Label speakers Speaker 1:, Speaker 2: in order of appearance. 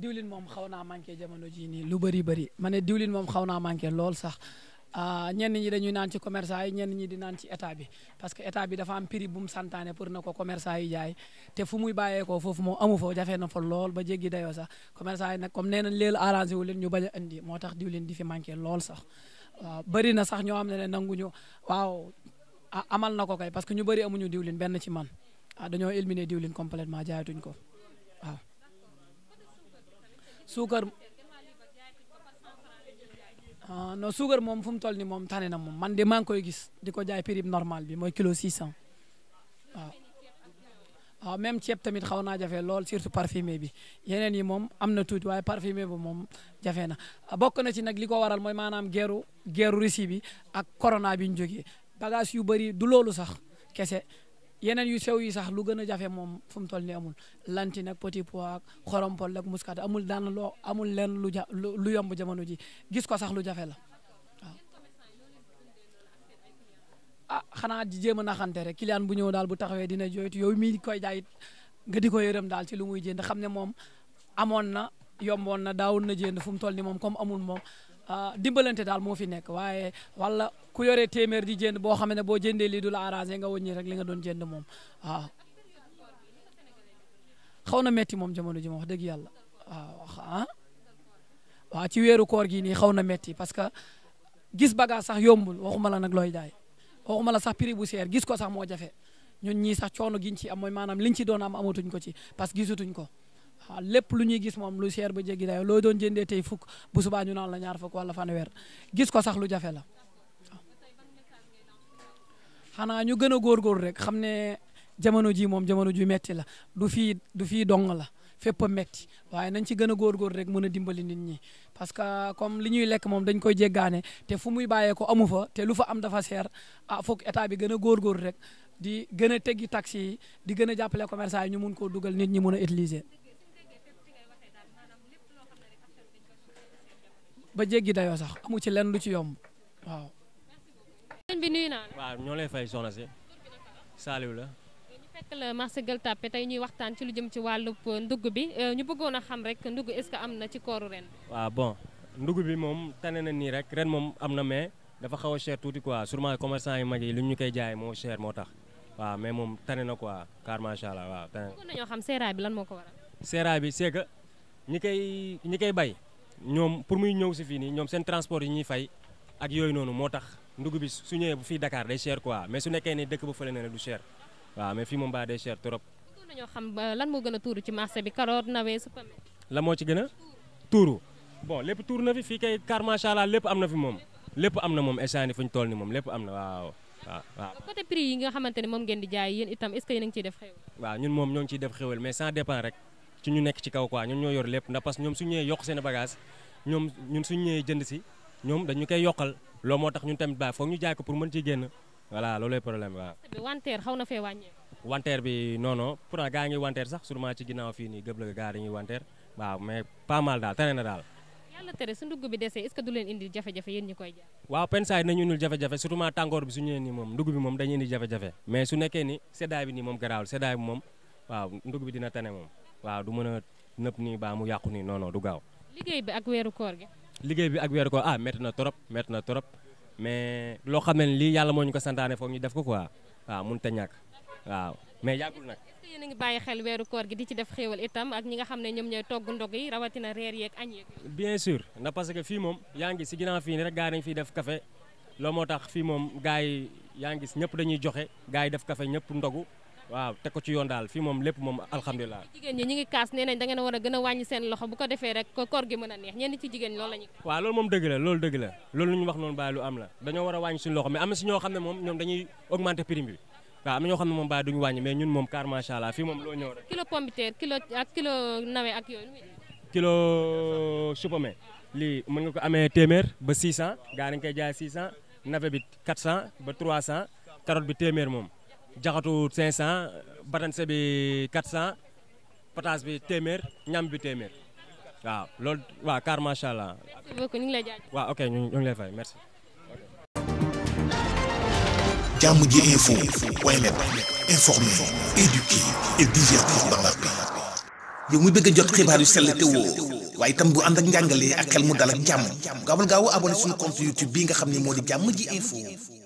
Speaker 1: diwlin moom xaw naa manqué jamono jii nii lu bëri bëri ma ne diwlin moom xaw naa manqué lool sax ah, ñenn ñi dañuy naan ci commerçant yi ñenn ñi di naan ci état bi parce que état bi dafa am prix bu mu santaane pour na ko commerçant yi jaay te fu muy bàyyeekoo foofu moom amu fa jafe na fa lool ba jéggi dayoo sax commerçant yi nag comme nee nañ léelu arrangé wu leen ñu bañ a moo tax diwlin di fi manqué lool sax ah, bari na sax ñoo xam ne ne nanguñu waaw amal na ko kay parce que ñu bëri amuñu diwlin benn ci man ah dañoo éliminer diwlin complètement jaayatuñ ko waaw suukar ah suukar moom fu mu toll ni moom tane na moom man de maa ngi koy gis di ko jaay prix normal bi mooy kilo 600 waaw waaw même ceeb tamit xaw naa jafe lool surtout parfumé bi yeneen yi moom am na tuuti waaye parfumé bi moom jafe na ah, bokk na ci nag li ko waral mooy maanaam geeru geeru Russie bi ak corona bi ñu jógee bagage yu bari du loolu sax kese yeneen yu sew yi sax lu gën a jafe moom fu mu toll nii amul lanti nag petit pois ak xorompol ak muscade amul daan loo amul leen lu ja lu yomb jamono ji gis ko sax lu jafe la waaw. ah xanaa jéem a naxante rek bu ñëw daal bu taxawee dina jooytu yow mii koy jaayit nga di yërëm daal ci lu muy jënd xam ne moom amoon na yomboon na daawoon na jënd fu mu toll nii moom comme amul moom. Ah, dimbalante daal moo fi nekk waaye wala ku yore téeméer di jënd boo xam ne boo jëndee lii du la arrangé nga wëññi rek li nga doon jënd moom waaw ah. xaw na metti moom jamono ji wax dëgg yàlla ah, waaw waaw ci weeru koor gi nii xaw na metti parce que gis bagage sax yombul waxuma la nag looy jaay waxuma la sax prix bu seer gis ko sax moo jafe ñun ñii sax coono giñ ci am mooy li liñ ci doon am amatuñ ko ci parce que gisutuñ ko waaw lépp lu ñuy gis moom lu cher ba jéggi dayo loo doon jëndee tey fukk bu subaa ñu naan la ñaar fukk wala fanweer gis ko sax lu jafe la xanaa ñu gën a góor rek xam ne jamono ji moom jamono ju metti la du fii du fii dong la fépp a metti waaye nañ ci gën a góorgóorlu rek mën a dimbali nit ñi parce que comme li ñuy lekk moom dañ koy jeggaane te fu muy bàyyee ko amu fa te lu fa am dafa seer ah foog état bi gën a góorgóorlu rek di gën a teggi taxi yi di gën a jàppale commerçant yi ñu mun koo dugal nit ñi mun a utiliser ba jéggi dayoo sax amu ci lenn lu ci yomb waaw.
Speaker 2: sëñ bi nuyu
Speaker 3: waaw ñoo lay fay soxna si la.
Speaker 2: ñu fekk la tey ñuy waxtaan ci lu jëm ci wàllu ndugg bi euh, ñu bëggoon a xam rek ndugg est-ce que am na ci kooru
Speaker 3: bon ndugg bi moom tane na nii rek ren moom am na mais dafa xaw a cher tuuti quoi sûrement commerçant yu mag yi lu ñu koy jaay moo cher moo tax waaw mais moom tane na quoi car macha allah waaw. tane
Speaker 2: na ñoo xam seeraay bi lan moo ko waral.
Speaker 3: seeraay bi c'est ñi koy ñi koy bay. ñoom pour muy ñëw si fii nii ñoom seen transport yi ñuy fay ak yooyu noonu moo tax ndugg bi su ñëwee bu fii Dakar day cher quoi mais su nekkee ne dëkk ba fële na ne du cher waaw mais fii moom baa day cher trop.
Speaker 2: ñoo lan moo gën a tuuru ci marché bi carotte navet supame.
Speaker 3: la moo ci gën a tuuru bon lépp tuuru na fi fii kay car macha allah lépp am na fi moom lépp am na moom échange ni fu ñu toll ni moom lépp am na waaw. waaw waaw
Speaker 2: côté prix yi nga xamante ne moom ngeen di jaay yéen itam est que yéen a ngi ciy def
Speaker 3: ñoo ngi ciy def xéwal mais ça rek. ci ñu nekk ci kaw quoi ñoom ñoo yor lépp ndax parce que ñoom suñu ñëwee yokk seen bagage ñoom ñun suñu ñëwee jënd si ñoom dañu koy yokkal loo moo tax ñun tamit baax foog ñu jaay pour mën ci génn voilà loolooy problème waaw. fee wàññeeku. wanteer bi non non pourtant gaa ngi wanteer sax sûrement ci ginnaaw fii nii gëb la gaa dañuy wanteer waaw mais pas mal daal tere na daal.
Speaker 2: yàlla su ndugg bi desee est-ce que du leen indil jafe-jafe yéen koy jaay.
Speaker 3: waaw penn saa yi nañu jafe-jafe tàngoor bi su ñëwee nii moom ndugg bi moom dañuy indi jafe mais su nekkee ni seddaay bi nii moom garaawul seddaay bi moom waaw ndugg bi dina tane moom waaw du mën a nëpp nii baa mu yàqu nii non du gaaw.
Speaker 2: liggéey bi ak weeru koor gi.
Speaker 3: liggéey bi ak weeru koor ah métti na trop métti na trop mais loo xam ne lii yàlla moo ñu ko santaane foog ñu def ko ko waaw mun a ñàkk waaw mais yàggul nag.
Speaker 2: est-ce yéen a ngi bàyyi xel weeru koor gi di ci def xéewal itam ak ñi nga xam ne ñoom ñooy togg ndog yi rawatina reer yeeg añ yeeg.
Speaker 3: bien sûr ndax parce que fii moom yaa ngi si ginnaaw fii nii rek gaa dañ fiy def café loolu moo tax fii moom gaa yi yaa ngi ñëpp dañuy joxe gaa yi def kafe ñëpp ndogu waaw teg ko ci yoon daal fii moom lépp moom alhamdulilah
Speaker 2: jigéen ñi ñu ngi kaas nee nañ da ngeen war a gën a wàññi seen loxo bu ko defee rek koor gi mën a neex ñenn ci jigéen loolu la ñu
Speaker 3: waaw loolu moom dëgg la loolu dëgg la loolu lu ñu wax noonu bàyyi lu am la dañoo war a wàññi suñu loxo mais am na si ñoo xam ne moom ñoom dañuy augmenter prime bi waaw am na ñoo xam ne moom bàyyi duñu wàññi mais ñun moom car macha allah fii moom loo ñëw rek
Speaker 2: kilo pomme kilo ak kilo nawe ak yooyu
Speaker 3: kilo supame lii mën nga ko amee téeméer ba 600 gaa dañ koy jaay 600 nawe bi 400 ba 300 carotte bi téeméer moom jaxatu 500 batanse bi 400 pataas bi téeméer ñam bi téeméer waaw loolu waaw car macha allah. merci beaucoup ñu ngi lay ñu lay fay merci. jàmm ji info point net bëgg a jot xibaar yu sell te woo waaye itam bu ànd ak njàngalee ak xel mu dal ak jàmm gaawal gaaw abonné suñu compte YouTube bii nga xam ni moo di jàmm ji info.